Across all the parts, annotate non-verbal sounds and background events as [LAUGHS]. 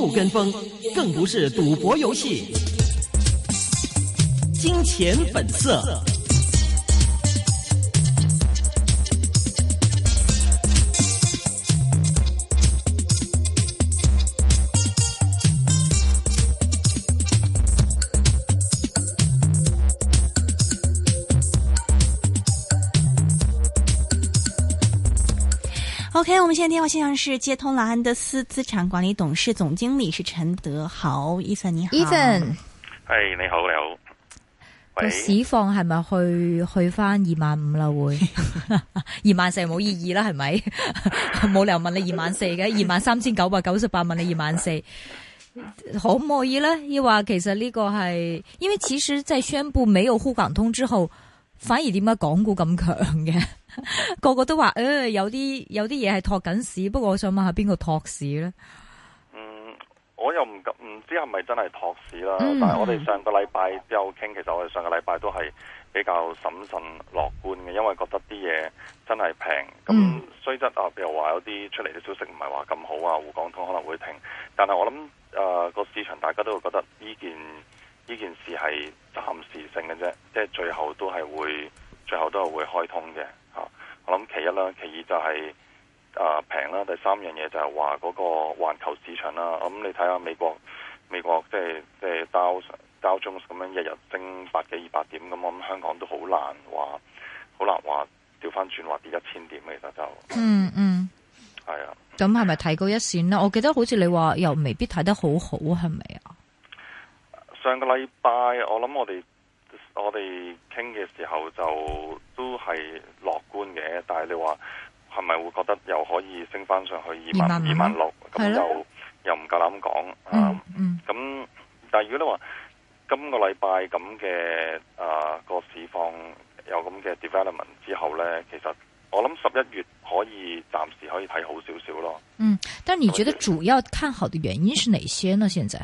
不跟風，更不是賭博遊戲。金錢本色。好，okay，我們現在電話線上是接通啦。安德斯資產管理董事總經理是陳德豪，e Ethan，你好，Ethan，嗨，你好你好，個市況係咪去去翻二萬五啦？會 [LAUGHS] 二萬四冇意義啦，係咪？ [LAUGHS] 冇理由問你二萬四嘅， [LAUGHS] 二萬三千九百九十八問你二萬四，可唔可以咧？要話其實呢個係，因為其實在宣布沒有滬港通之後，反而點解港股咁強嘅？ [LAUGHS] 個個都話誒、呃，有啲有啲嘢係托緊市，不過我想問下邊個托市呢？嗯，我又唔唔知係咪真係托市啦。嗯、但係我哋上個禮拜有傾，其實我哋上個禮拜都係比較審慎樂觀嘅，因為覺得啲嘢真係平。咁、嗯、雖則啊，譬如話有啲出嚟嘅消息唔係話咁好啊，滬港通可能會停。但係我諗誒個市場，大家都會覺得呢件呢件事係暫時性嘅啫，即、就、係、是、最後都係會，最後都係會開通嘅。我諗其一啦，其二就係誒平啦，第三樣嘢就係話嗰個環球市場啦。咁你睇下美國，美國即係即係 Dow Dow Jones 咁樣一日升百幾二百點咁，咁我諗香港都好難話，好難話調翻轉或跌一千點，其實就嗯嗯，係啊。咁係咪睇高一線？啦我記得好似你話又未必睇得好好，係咪啊？上個禮拜我諗我哋。我哋傾嘅時候就都係樂觀嘅，但係你話係咪會覺得又可以升翻上去二萬二萬六？咁又的又唔夠膽講。嗯咁，嗯，但係如果你話今個禮拜咁嘅啊個市況有咁嘅 development 之後呢，其實我諗十一月可以暫時可以睇好少少咯。嗯，但你覺得主要看好的原因是哪些呢？現在？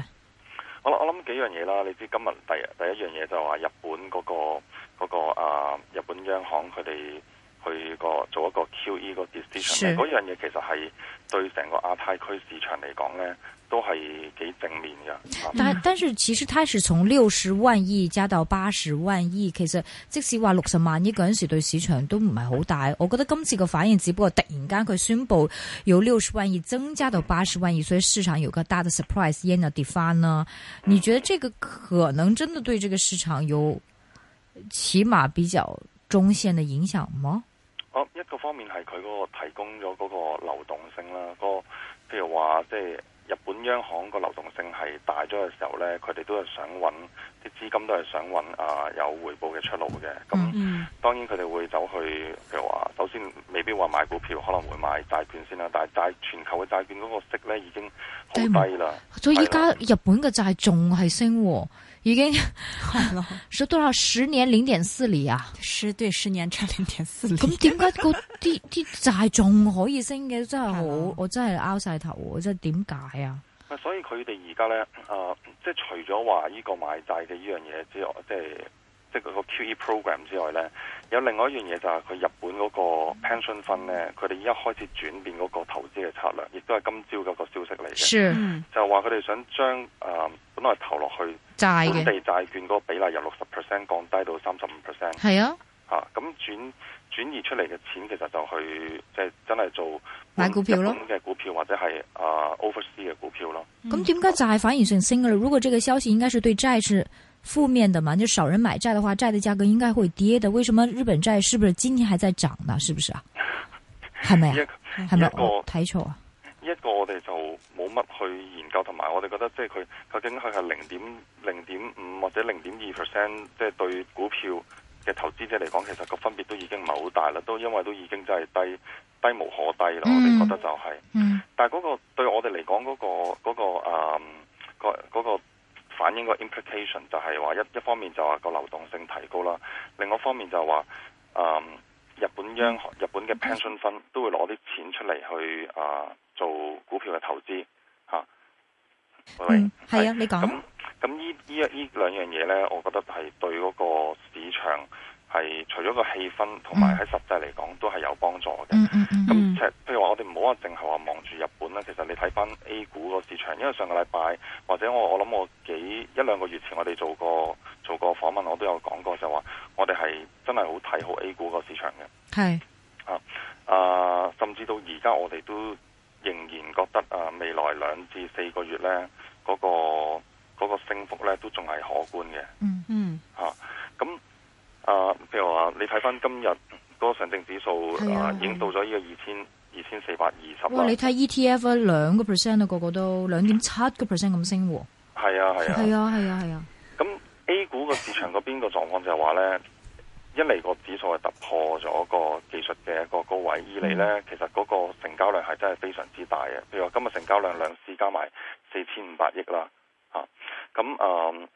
呢樣嘢啦，你知今日第第一樣嘢就話，日本嗰個嗰個啊日本央行佢哋去個做一個 QE 個 decision，嗰樣嘢其實係對成個亞太區市場嚟講咧。都係幾正面嘅，嗯、但但是其實它是從六十萬億加到八十萬億，其實即使話六十萬億嗰個陣時對市場都唔係好大。我覺得今次嘅反應只不過突然間佢宣布由六十萬億增加到八十萬億，嗯、所以市場有個大的 surprise in the defa、嗯、呢？你覺得這個可能真的對這個市場有起碼比較中線的影響嗎？哦、啊，一個方面係佢嗰個提供咗嗰個流動性啦，嗰個譬如話即係。日本央行個流動性係大咗嘅時候咧，佢哋都係想揾啲資金都，都係想揾啊有回報嘅出路嘅。咁、嗯嗯、當然佢哋會走去譬如話，首先未必話買股票，可能會買債券先啦。但係債全球嘅債券嗰個息咧已經好低啦。所以而家日本嘅債仲係升喎，已經係咯。所以的多少十年零點四釐啊？十對十年差零點四釐、啊。咁點解個啲啲債仲可以升嘅？ [LAUGHS] [LAUGHS] 真係好，我真係拗晒頭，真係點解？係啊，所以佢哋而家咧，啊、呃，即係除咗話呢個買債嘅呢樣嘢之外，即係即係個 QE program 之外咧，有另外一樣嘢就係佢日本嗰個 pension 分咧，佢哋而家開始轉變嗰個投資嘅策略，亦都係今朝嘅一個消息嚟嘅，啊、就話佢哋想將誒、呃、本來投落去債的本地債券嗰個比例由六十 percent 降低到三十五 percent，係啊，吓咁轉。轉移出嚟嘅錢其實就去即係真係做買股票咯，日本嘅股票或者係啊、uh, Oversea 嘅股票咯。咁點解債反而上升嘅？如果呢個消息應該是對債是負面嘅嘛？就少人買債嘅話，債嘅價格應該會跌的。為什麼日本債是不是今年還在漲呢？是不是啊？係咪啊？係咪一個睇錯啊？一個我哋就冇乜去研究，同埋我哋覺得即係佢究竟佢係零點零點五或者零點二 percent，即係對股票。嘅投資者嚟講，其實個分別都已經唔係好大啦，都因為都已經真係低低無可低啦。我哋覺得就係、是，嗯嗯、但係嗰個對我哋嚟講嗰、那個嗰、那個誒、嗯那個、反映個 implication 就係話一一方面就話個流動性提高啦，另外一方面就話、是、誒、嗯、日本央日本嘅 pension 分都會攞啲錢出嚟去誒、呃、做股票嘅投資嚇。啊、嗯，係啊，你講。嗯咁呢呢一呢兩樣嘢呢，我覺得係對嗰個市場，係除咗個氣氛，同埋喺實際嚟講都係有幫助嘅。咁即係譬如話我哋唔好話淨係話望住日本啦。其實你睇翻 A 股個市場，因為上個禮拜或者我我諗我幾一兩個月前我哋做過做過訪問，我都有講過就話、是、我哋係真係好睇好 A 股個市場嘅。係是啊、呃、甚至到而家我哋都仍然覺得啊，未來兩至四個月呢嗰、嗰個。嗰個升幅咧都仲係可觀嘅，嗯嗯，吓咁啊，譬如話你睇翻今日嗰個上證指數啊，啊啊已經到咗呢個二千二千四百二十啦。哇，你睇 ETF 啊，兩個 percent 啊，個個都兩點七個 percent 咁升喎。係啊係啊，係啊係啊係啊。咁 A 股個市場嗰邊個狀況就係話咧， [LAUGHS] 一嚟個指數係突破咗個技術嘅一個高位呢，二嚟咧其實嗰個成交量係真係非常之大嘅。譬如話今日成交量兩市加埋四千五百億啦。咁啊，嗯、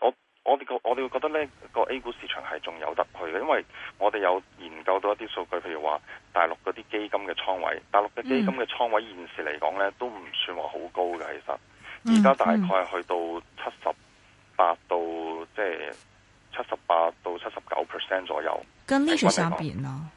我我哋個我哋會覺得呢個 A 股市場係仲有得去嘅，因為我哋有研究到一啲數據，譬如話大陸嗰啲基金嘅倉位，大陸嘅基金嘅倉位現時嚟講呢都唔算話好高嘅，其實而家大概去到七十八到即係七十八到七十九 percent 左右，跟歷史相比呢？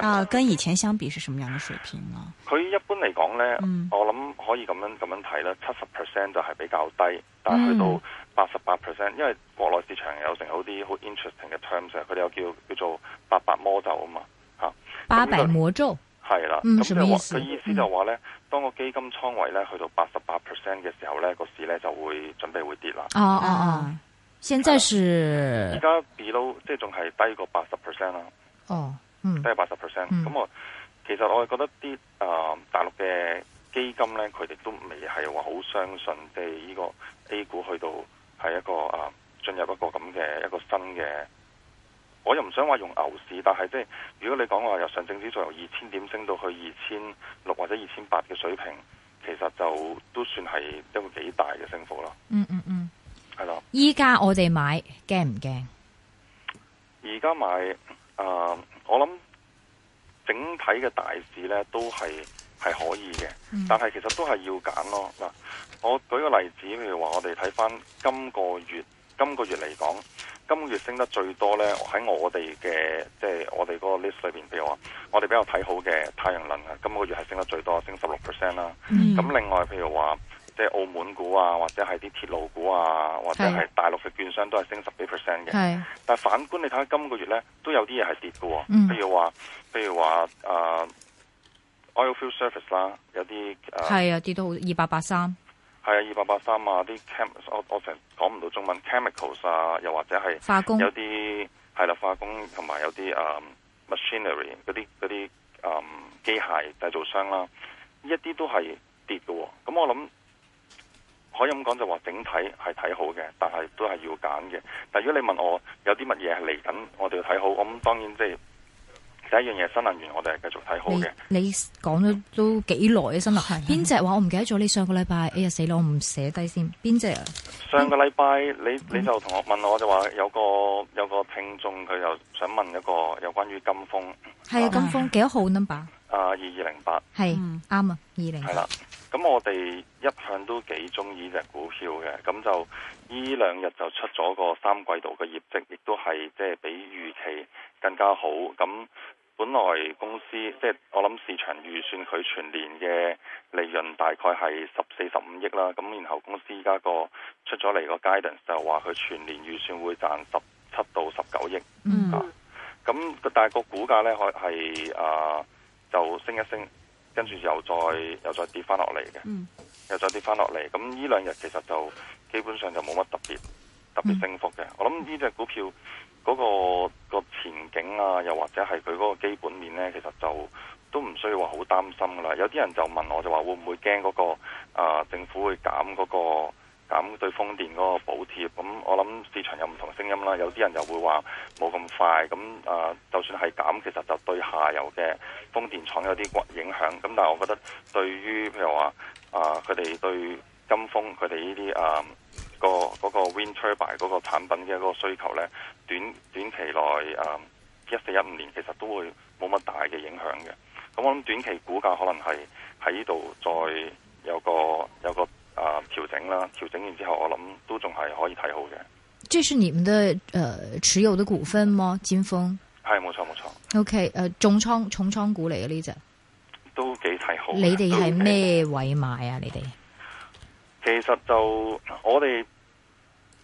啊，跟以前相比是什麼樣的水平啊？佢一般嚟講呢，我諗可以咁樣咁樣睇啦，七十 percent 就係比較低，但係去到八十八 percent，因為國內市場有成好啲好 interesting 嘅 terms，佢哋有叫叫做八百魔咒啊嘛，吓，八百魔咒係啦。咁即係話佢意思就話呢，當個基金倉位呢去到八十八 percent 嘅時候呢，個市呢就會準備會跌啦。哦哦哦，現在是而家比到即係仲係低過八十 percent 啦。哦。都係八十 percent，咁我其實我係覺得啲誒、呃、大陸嘅基金咧，佢哋都未係話好相信，即係呢個 A 股去到係一個誒、呃、進入一個咁嘅一個新嘅。我又唔想話用牛市，但係即係如果你講話由上證指數由二千點升到去二千六或者二千八嘅水平，其實就都算係一個幾大嘅升幅、嗯嗯嗯、啦。嗯嗯嗯，係啦。依家我哋買驚唔驚？而家買誒。我諗整體嘅大市呢都係係可以嘅，嗯、但係其實都係要揀咯。嗱，我舉個例子，譬如話我哋睇翻今個月，今、今個月嚟講，今、今個月升得最多呢，喺我哋嘅即係我哋嗰個 list 裏邊，譬如話我哋比較睇好嘅太陽能啊，今、今個月係升得最多，升十六 percent 啦。咁、嗯、另外譬如話。即係澳門股啊，或者係啲鐵路股啊，或者係大陸嘅券商都係升十幾 percent 嘅。係，的但反觀你睇下今個月咧，都有啲嘢係跌嘅。哦，譬、嗯、如話，比如話，誒、uh，oilfield service 啦，有啲係啊，跌到二八八三，係啊，二八八三啊，啲 chem 我成日講唔到中文，chemicals 啊，又或者係化工，有啲係啦，化工同埋有啲誒、um，machinery 嗰啲嗰啲誒機械製造商啦，呢一啲都係跌嘅，咁我諗。可以咁講就話整體係睇好嘅，但係都係要揀嘅。但如果你問我有啲乜嘢係嚟緊，我哋要睇好？咁當然即係第一樣嘢、啊，新能源 [LAUGHS] 我哋係繼續睇好嘅。你講咗都幾耐嘅，新能邊隻話我唔記得咗？你上個禮拜哎呀死啦，我唔寫低先邊隻？啊、上個禮拜你你就同學問我、嗯、就話有個有個聽眾佢又想問一個有關於金風，係啊，金風幾多號嗱把？啊，二二零八係，啱 [NOISE] 啊，二零係啦。咁 [NOISE] 我哋一向都幾中意呢隻股票嘅，咁就呢兩日就出咗個三季度嘅業績，亦都係即係比預期更加好。咁本來公司即係、就是、我諗市場預算佢全年嘅利潤大概係十四十五億啦。咁然後公司依家個出咗嚟個 guidance 就話佢全年預算會賺十七到十九億。嗯、mm. 啊，咁但係個股價咧，可係啊。就升一升，跟住又再又再跌翻落嚟嘅，又再跌翻落嚟。咁呢、嗯、兩日其實就基本上就冇乜特別特別升幅嘅。嗯、我諗呢隻股票嗰、嗰個、嗰個前景啊，又或者係佢嗰個基本面咧，其實就都唔需要話好擔心啦。有啲人就問我就話會唔會驚嗰、嗰個啊、呃、政府會減嗰、嗰個減對風電嗰個補貼，咁我諗市場有唔同聲音啦，有啲人又會話冇咁快，咁啊、呃、就算係減，其實就對下游嘅風電廠有啲影響，咁但係我覺得對於譬如話啊佢哋對金風佢哋呢啲啊個嗰、嗰個 wind turbine 嗰個產品嘅嗰個需求呢，短短期內啊一四一五年其實都會冇乜大嘅影響嘅，咁我諗短期股價可能係喺呢度再有個有個。啊，調整啦，調整完之後，我諗都仲係可以睇好嘅。即係你們嘅誒持有嘅股份嗎？金風係冇錯冇錯。O K 誒，重倉重倉股嚟嘅，呢隻都幾睇好。你哋係咩位買啊？你哋其實就我哋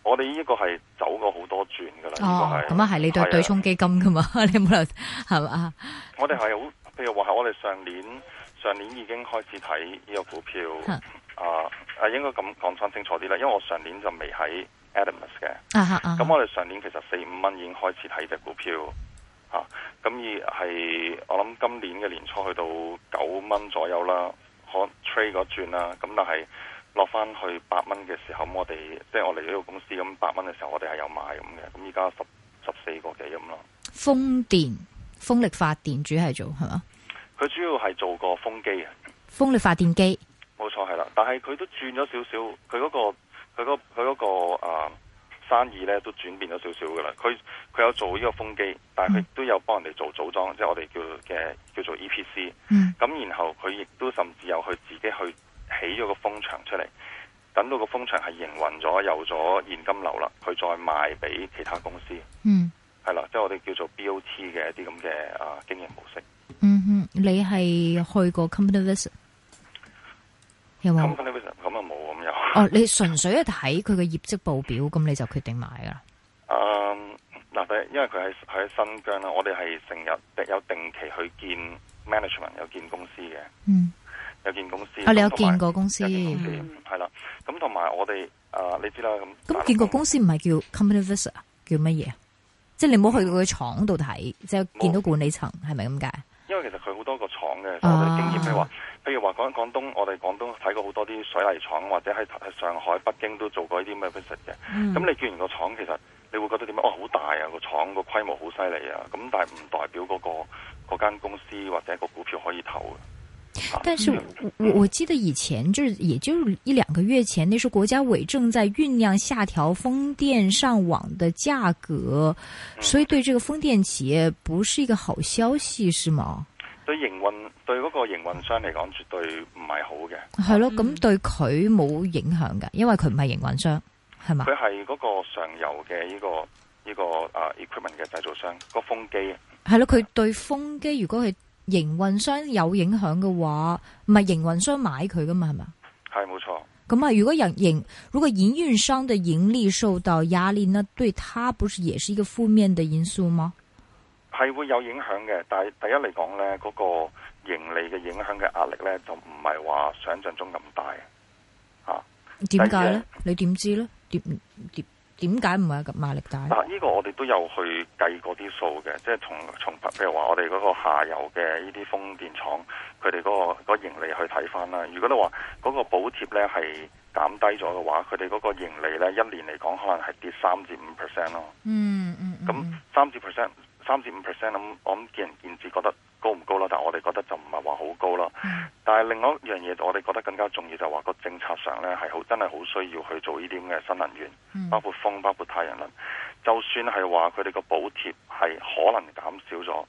我哋呢個係走過好多轉噶啦。哦，咁啊係，你對對沖基金噶嘛？你冇理由係嘛？我哋係好，譬如話係我哋上年上年已經開始睇呢個股票。啊，啊，應該咁講翻清楚啲啦，因為我上年就未喺 Adams 嘅、啊，咁、啊、我哋上年其實四五蚊已經開始睇隻股票，啊，咁而係我諗今年嘅年初去到九蚊左右啦，可 trade 嗰轉啦，咁但係落翻去八蚊嘅時候，我哋即係我嚟呢個公司咁八蚊嘅時候我，我哋係有買咁嘅，咁而家十十四個幾咁咯。風電、風力發電主係做係嘛？佢主要係做過風機嘅，風力發電機。冇錯，係啦，但係佢都轉咗少少，佢嗰、嗰個佢嗰佢嗰個、呃、生意咧都轉變咗少少嘅啦。佢佢有做呢個風機，但係佢都有幫人哋做、嗯、組裝，即係我哋叫嘅叫做 EPC、嗯。咁然後佢亦都甚至有去自己去起咗個風場出嚟，等到個風場係營運咗有咗現金流啦，佢再賣俾其他公司。嗯。係啦，即係我哋叫做 BOT 嘅一啲咁嘅啊經營模式。嗯哼，你係去過 company 咁 f 啊冇咁又哦，你純粹一睇佢嘅業績報表，咁你就決定買噶啦。嗱、嗯啊，因為佢喺喺新疆啦，我哋係成日有定期去見 management，有見公司嘅，嗯，有見公司。我哋、嗯啊、有見過公司，係啦有。咁同埋我哋誒、啊，你知啦咁。咁、嗯、但 見過公司唔係叫 company visit 叫乜嘢？即係你冇去佢廠度睇，即係見到管理層，係咪咁解？因為其實佢好多個廠嘅，我哋經驗係話，譬如話講緊廣東，我哋廣東睇過好多啲水泥廠，或者喺喺上海、北京都做過啲咩嘅咁你見完個廠，其實你會覺得點樣啊？哦，好大啊，個廠個規模好犀利啊！咁但係唔代表嗰、嗰個嗰間公司或者個股票可以投。但是，嗯、我我記得以前，就是也就一兩個月前，那時候國家委正在醞釀下調風電上網的價格，嗯、所以對這個風電企業不是一個好消息，是嗎？對營運，對嗰個營運商嚟講絕對唔係好嘅。係咯，咁對佢冇影響嘅，因為佢唔係營運商，係嘛？佢係嗰個上游嘅呢個呢個啊 equipment 嘅製造商，個風機。係咯，佢對風機如果係。營運商有影響嘅話，唔係營運商買佢噶嘛，係咪？係冇錯。咁啊，如果人營如果營運商嘅盈利受到壓力，呢，對他不是也是一個負面的因素嗎？係會有影響嘅，但係第一嚟講呢，嗰、嗰個盈利嘅影響嘅壓力呢，就唔係話想象中咁大啊？點解呢？二你點知呢？點點？點解唔係咁壓力大嗱，呢個我哋都有去計過啲數嘅，即係從從譬如話我哋嗰個下游嘅呢啲風電廠，佢哋嗰個盈利去睇翻啦。如果你話嗰個補貼咧係減低咗嘅話，佢哋嗰個盈利咧一年嚟講，可能係跌三至五 percent 咯。嗯嗯嗯，咁三至五 percent。嗯三至五 percent，咁我諗見仁見智，覺得高唔高啦。但係我哋覺得就唔係話好高啦。嗯、但係另外一樣嘢，我哋覺得更加重要就係話個政策上呢，係好真係好需要去做呢啲咁嘅新能源，包括風、包括太陽能。就算係話佢哋個補貼係可能減少咗，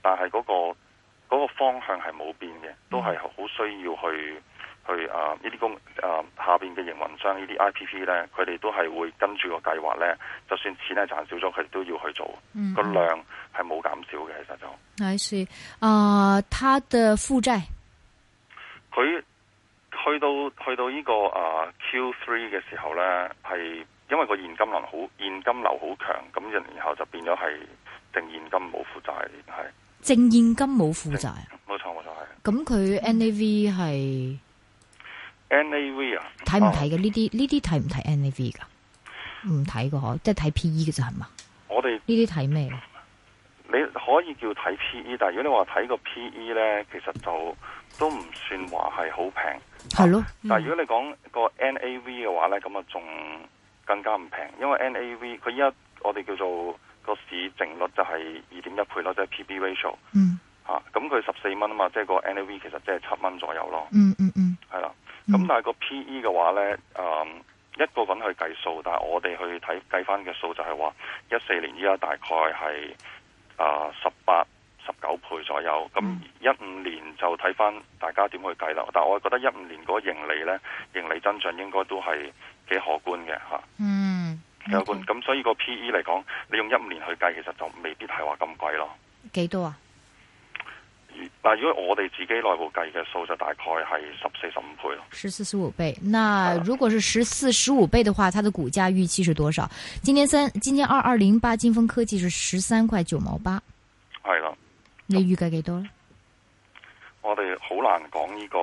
但係嗰個嗰個方向係冇變嘅，都係好需要去。去啊！工啊呢啲公啊下邊嘅營運商呢啲 I P P 咧，佢哋都係會跟住個計劃咧，就算錢係賺少咗，佢哋都要去做。嗯哼，個量係冇減少嘅，其實就還是、嗯、啊，他的它的負債佢去到去到呢、這個啊 Q three 嘅時候咧，係因為個現金流好現金流好強，咁然後就變咗係淨現金冇負債，係淨現金冇負債，冇錯，冇錯係。咁佢 N A V 係。N.A.V. 啊，睇唔睇嘅呢啲？呢啲睇唔睇 N.A.V. 噶？唔睇嘅，即係睇 P.E. 嘅啫，係嘛？我哋呢啲睇咩？你可以叫睇 P.E.，但係如果你話睇個 P.E. 咧，其實就都唔算話係好平。係咯，嗯啊、但係如果你講個 N.A.V. 嘅話咧，咁啊仲更加唔平，因為 N.A.V. 佢依家我哋叫做個市淨率就係二點一倍咯，就是嗯啊，即係 P.B. ratio。嗯。吓，咁佢十四蚊啊嘛，即係個 N.A.V. 其實即係七蚊左右咯。嗯嗯嗯。係啦。咁、嗯、但係個 P E 嘅話咧，誒、呃，一個人去計數，但係我哋去睇計翻嘅數就係話一四年依家大概係啊十八、十九倍左右。咁一五年就睇翻大家點去計啦。但係我覺得一五年嗰個盈利咧，盈利增長應該都係幾可觀嘅吓。嗯，幾可觀。咁 okay. 所以個 P E 嚟講，你用一五年去計，其實就未必係話咁貴咯。幾多啊？但如果我哋自己內部計嘅數就大概係十四十五倍咯。十四十五倍，那如果是十四十五倍的話，它的股價預期是多少？今年三，今年二二零八金風科技是十三塊九毛八，係啦了。你預計幾多？呢？我哋好難講呢個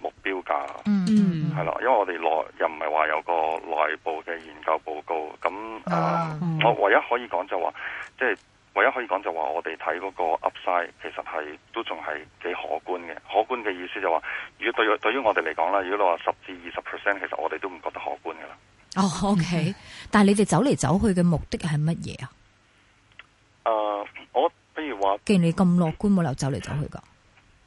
目標價，嗯，嗯，係啦，因為我哋內又唔係話有個內部嘅研究報告，咁、哦、啊，我唯一可以講就話、是、即係。唯一可以講就話我哋睇嗰個 Upside 其實係都仲係幾可觀嘅，可觀嘅意思就話、是，如果對於對於我哋嚟講咧，如果你話十至二十 percent，其實我哋都唔覺得可觀噶啦。哦、oh,，OK， [LAUGHS] 但係你哋走嚟走去嘅目的係乜嘢啊？誒、uh,，我譬如話，既然你咁樂觀，冇理由走嚟走去噶。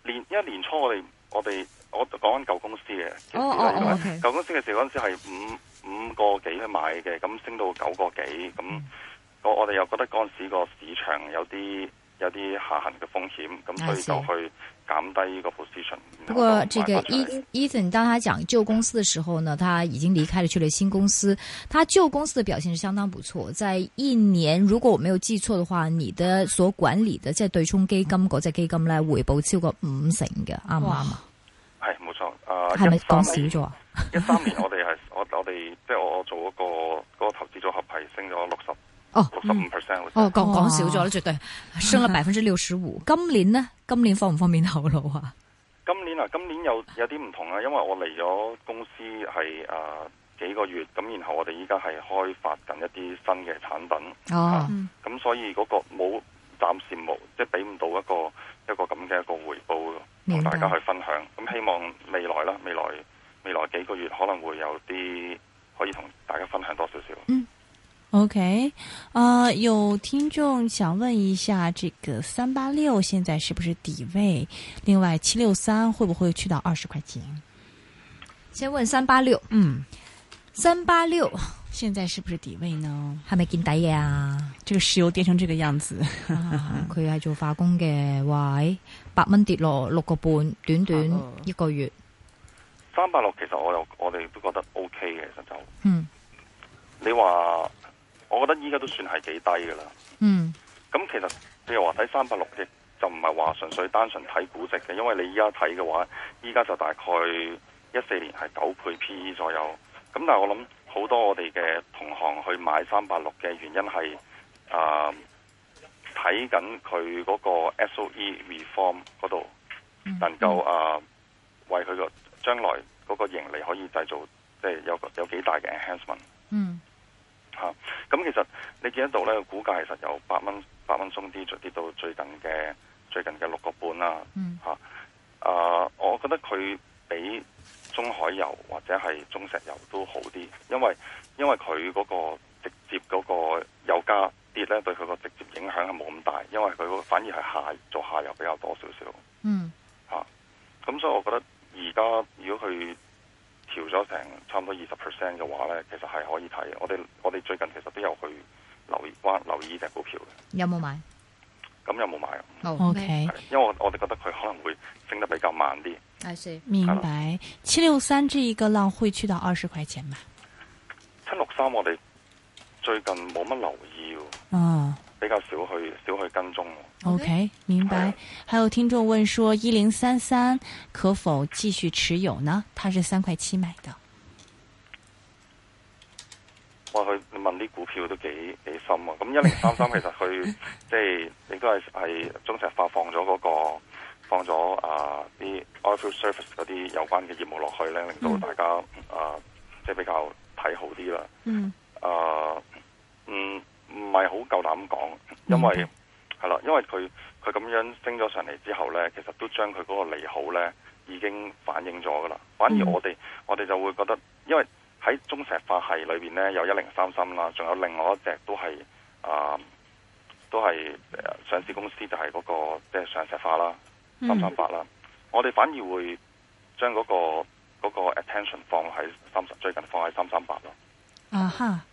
年因為年初我哋我哋我講緊舊公司嘅，舊、就是 oh, oh, okay. 公司嘅時嗰陣時係五五個幾去買嘅，咁升到九個幾，咁、 [LAUGHS] 嗯。我哋又覺得嗰陣時個市場有啲有啲下行嘅風險，咁所以就去減低呢個 position、啊是。不過後，這個 Ethan、e、當他講舊公司嘅時候呢，他已經離開咗去了新公司。他舊公司嘅表現是相當不錯，在一年，如果我沒有記錯的話，你的所管理的即係對沖基金嗰隻、嗯、基金呢，回報超過五成嘅啱唔啱啊？係冇錯，係咪講少咗？一三年我哋係我我哋即係我做一個，個投資組合係升咗六十。哦、oh, 嗯，哦，講少咗啦，絕對、啊、升咗百分之六十五。今年呢？今年方唔方便透露啊？今年啊，今年有有啲唔同啊，因為我嚟咗公司係誒、呃、幾個月，咁然後我哋依家係開發緊一啲新嘅產品。哦，咁所以嗰個冇暫時冇，即係俾唔到一個一個咁嘅一個回報明白，同大家去分享。咁、嗯、希望未來啦，未來未來幾個月可能會有啲可以同大家分享多少少。嗯。OK，啊、呃，有聽眾想問一下，這個三八六現在是不是底位？另外，七六三會不會去到二十塊錢？先問三八六，嗯，三八六現在是不是底位呢？係咪見底呀？這個石油跌成這個樣子，佢係、啊 [LAUGHS] 啊、做化工嘅，哇，百蚊跌落六個半，短短一個月，三八六其實我又我哋都覺得 OK 嘅，就嗯，你話。我覺得依家都算係幾低嘅啦、嗯嗯。嗯。咁其實你話睇三百六亦就唔係話純粹單純睇估值嘅，因為你依家睇嘅話，依家就大概一四年係九倍 P/E 左右。咁、嗯嗯、但係我諗好多我哋嘅同行去買三百六嘅原因係啊睇緊佢嗰個 S O E reform 嗰度能夠啊、嗯、為佢個將來嗰個盈利可以製造即係、就是、有有幾大嘅 enhancement。嗯。吓，咁其實你見得到咧，股價其實由八蚊、八蚊鬆啲，就跌到最近嘅最近嘅六個半啦。吓，啊，我覺得佢比中海油或者係中石油都好啲，因為因為佢嗰個直接嗰個油價跌咧，對佢個直接影響係冇咁大，因為佢反而係下做下游比較多少少、嗯啊。嗯，吓，咁所以我覺得而家如果佢。調咗成差唔多二十 percent 嘅話咧，其實係可以睇。我哋我哋最近其實都有去留意關留意呢隻股票嘅。有冇買？咁有冇買啊？O K。Oh, okay. Okay. 因為我哋覺得佢可能會升得比較慢啲。I see. 明白。 [NOISE] 七六三這一個浪會去到二十塊錢嘛？七六三我哋最近冇乜留意。哦。Uh. 比較少去少去跟蹤。O、okay, K，明白。嗯、還有聽眾問說：一零三三可否繼續持有呢？它是三塊七買的。哇，佢問啲股票都幾幾深啊！咁一零三三其實佢 [LAUGHS] 即係亦都係係中石化放咗嗰、那個放咗啊啲、呃、oilfield service 嗰啲有關嘅業務落去咧，令到大家啊、嗯呃、即係比較睇好啲啦、嗯呃。嗯。啊，嗯。唔係好夠膽講，因為係啦、嗯，因為佢佢咁樣升咗上嚟之後呢，其實都將佢嗰個利好呢已經反映咗噶啦。反而我哋、嗯、我哋就會覺得，因為喺中石化係裏邊呢，有一零三三啦，仲有另外一隻都係啊、呃，都係上市公司就、嗰個，就係嗰個即係上石化啦，三三八啦。我哋反而會將嗰、嗰個、嗰個、attention 放喺三十，最近放喺三三八咯。啊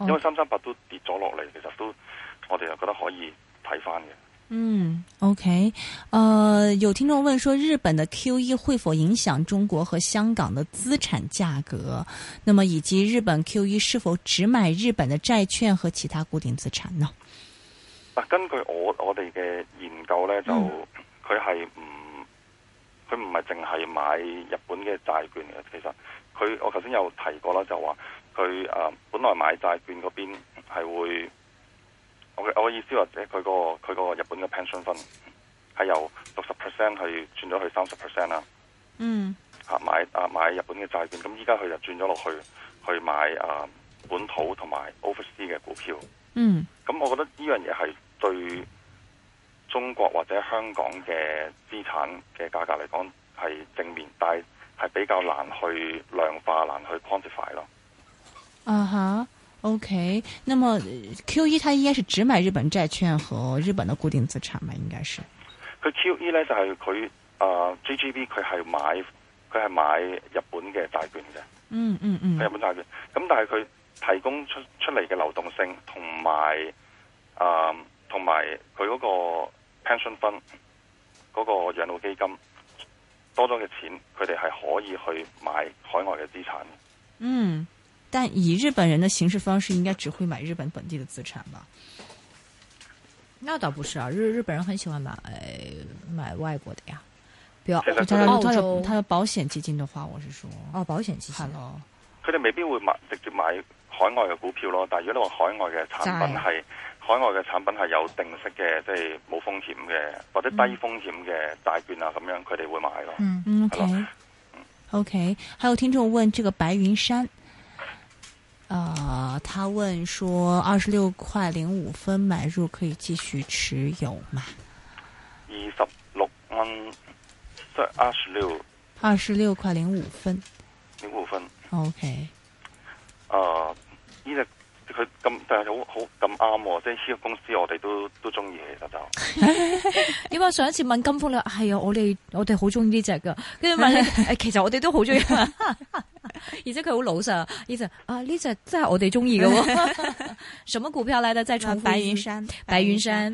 因為三三八都跌咗落嚟，其實都我哋又覺得可以睇返嘅。嗯，OK，誒、呃，有聽眾問說，日本的 QE 會否影響中國和香港的資產價格？那麼以及日本 QE 是否只買日本的債券和其他固定資產呢？嗱，根據我我哋嘅研究呢就佢係唔佢唔係淨係買日本嘅債券嘅。其實佢我頭先有提過啦，就話。佢誒本來買債券嗰邊係會，我我嘅意思或者佢個佢個日本嘅 pension 分係由六十 percent 去轉咗去三十 percent 啦。嗯，嚇買啊買日本嘅債券，咁依家佢就轉咗落去去買誒、啊、本土同埋 o f f i c e a 嘅股票。嗯，咁我覺得呢樣嘢係對中國或者香港嘅資產嘅價格嚟講係正面，但係係比較難去量化，難去 quantify 咯。啊吓 OK 那麼 QE 他應該是只買日本債券和日本的固定資產吧，啊？應該是佢 QE 呢？就係佢啊 JGB 佢係買佢係買日本嘅債券嘅，嗯，嗯嗯嗯，日本債券。咁、嗯、但係佢提供出出嚟嘅流動性同埋啊同埋佢嗰個 pension fund 嗰個養老基金多咗嘅錢，佢哋係可以去買海外嘅資產。嗯。但以日本人的行事方式，應該只會買日本本地的資產吧？那倒不是啊，日日本人很喜歡買買外國的呀。比如澳洲，他的它、哦、保險基金的話，我是說，哦，保險基金。咯他 e 佢哋未必會買直接買海外嘅股票咯，但係如果話海外嘅產品係對海外嘅產品係有定息嘅，即係冇風險嘅或者低風險嘅債券啊，咁樣佢哋會買咯。嗯，OK，OK，、okay. 咯 okay. 還有聽眾問這個白雲山。啊，uh, 他問說二十六塊零五分買入可以繼續持有嗎？二十六蚊，二十六。二十六塊零五分，零五分。OK。佢咁，但係好好咁啱，即係呢個公司我，我哋都都中意，其實就。因為上一次問金風咧，係、哎、啊，我哋我哋好中意呢隻噶。跟住問咧， [LAUGHS] 其實我哋都好中意，而且佢好老實。呢隻啊，呢隻真係我哋中意嘅。 [LAUGHS] 什麼股票嚟的？在傳、啊、白雲山，白雲山。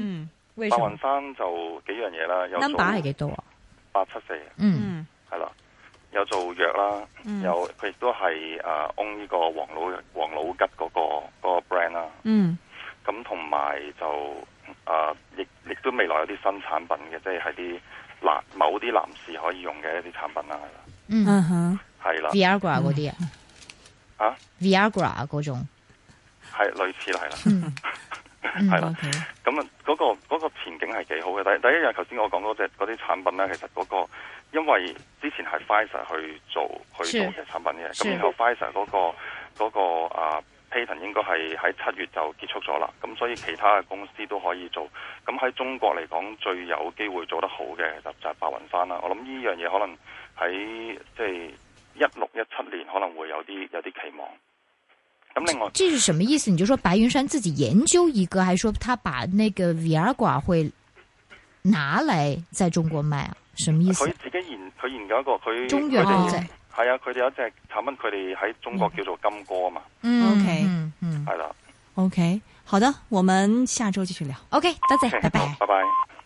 白雲山、嗯、山就幾樣嘢啦，有。number 係幾多啊？八七四。嗯。係啦、嗯。有做藥啦，有佢亦都係誒，on 呢個王老王老吉嗰、那個嗰、那個 brand 啦。嗯，咁同埋就誒，亦、啊、亦都未來有啲新產品嘅，即係喺啲男某啲男士可以用嘅一啲產品啦。嗯哼，係啦。Viagra 嗰啲、嗯、啊，Viagra 嗰種係類似啦，係啦。係啦，咁啊，嗰個、嗰個前景係幾好嘅。第第一日頭先我講嗰隻嗰啲產品咧，其實嗰、嗰個因為之前係 Pfizer 去做 Sure. 去做嘅產品嘅，咁 Sure. 然後、P、Pfizer 嗰個嗰、嗰個啊，Patent 應該係喺七月就結束咗啦。咁所以其他嘅公司都可以做。咁喺中國嚟講，最有機會做得好嘅，其實就就係白雲山啦。我諗呢樣嘢可能喺即係一六一七年可能會有啲有啲期望。咁另外這，這是什麼意思？你就說白雲山自己研究一個，還是說他把那個 Viagra 會拿來在中國賣？什麼意思？啊、他自己研，他研究一個，他中藥一隻，係啊們，佢哋、哦、有一隻產品，佢哋喺中國叫做金戈啊嘛。嗯，OK，嗯，係啦、嗯。Okay, 的 OK，好的，我們下周繼續聊。OK，多謝，拜拜，拜拜。